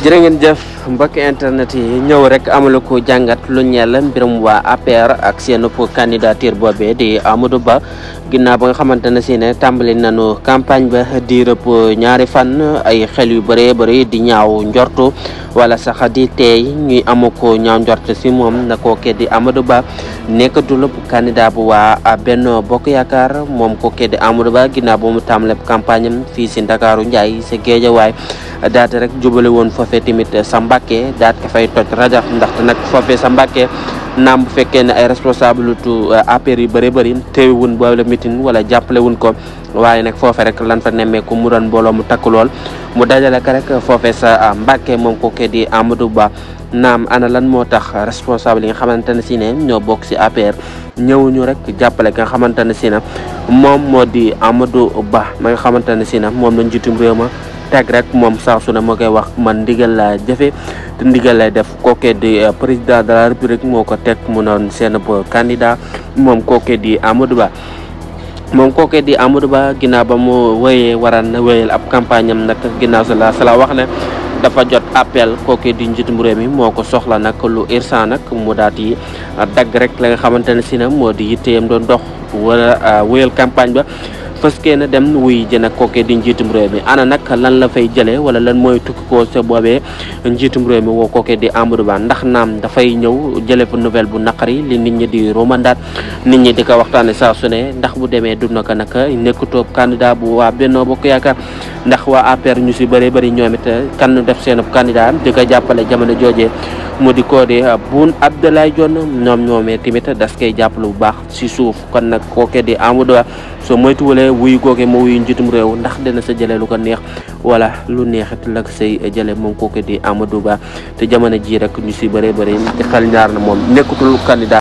jërë ngeen jëf mbokki internet yi ñëw rek amala ko jàngat lu ñeel mbirum waa APR ak seen candidature boobee di Amadou Ba ginnaaw ba nga xamante ne si ne tàmbali nañu campagne ba di rëpp ñaari fan ay xel yu bëree bëri di ñaaw njortu wala sax di teey ñuy amu ko ñaaw njortu si moom na kookee di Amadou Ba nekkatul candidat bu waa Benno Bokk Yaakaar moom kookee di Amadou Ba mu tàmbale campagne fi fii si Ndakaaru Njaay si Géejawaay rek jubale won foofee tamit samb Mbàkke daat ka fay toj rajax ndaxte nag foofee sa Mbàkke naam bu fekkee ne ay responsable tu euh, APR yu bëri bëri teewi wun boole mitin wala jàppale wun ko waaye nag foofe rek lanta fa nemmeeku mu doon mbooloo mu takk lool mu dajale euh, ko rek foofe sa Mbàkke moom kooke di Amadou Ba naam ana lan moo tax responsable yi nga xamante ne si ne ñoo bokk si APR ñëwuñu rek jàppale ki nga xamante ne si na moom moo di Amadou Ba ma nga xamante ne si na moom lañ jiitum réew ma tag rek moom moga su ne ma koy wax man ndigal te ndigal lay def kookee di eh, président de la république moo ko teg mu noon seen candidat moom kookee di amadou ba moom kooke di amadou ba ginnaaw ba mu wéyee waran wéyal ab campagne am nag ginnaaw sala sala wax ne dafa jot appel kooke di njiitum réew mi ko soxla nag lu irsan nag mu daat yi eh, rek la nga di yitteyam don dox wala kampanye. Eh, campagne ba fas na dem wuy jën ak kooke di njiitum réew mi ana nag lan la fay jëlee wala lan mooy tukki ko sa boobee njiitum réew mi woo kooke di Amadou Ba ndax naam dafay ñëw jële fa nouvelle bu naqari li nit ñi di romandaat nit ñi di ko waxtaane saa su ne ndax bu demee du naka naka nekkutoo candidat bu waa Benno Bokk Yaakaar ndax waa APR ñu si bëri bëri ñoom it eh, kan def seen candidat di ko jàppale jamono joojee mu di koo di eh, Boun Abdallah Dionne ñoom ñoomee tamit das koy jàppale bu baax si suuf kan nag kooke di Amadou Ba soo moytuwulee wuy googe moo wuyu njiitum réew ndax dina sa jëlee lu ko neex wala lu neexit la say jëlee moom kooke di Amadou Ba te jamono jii rek ñu si bëri bëri xel ñaar na moom nekkatul candidat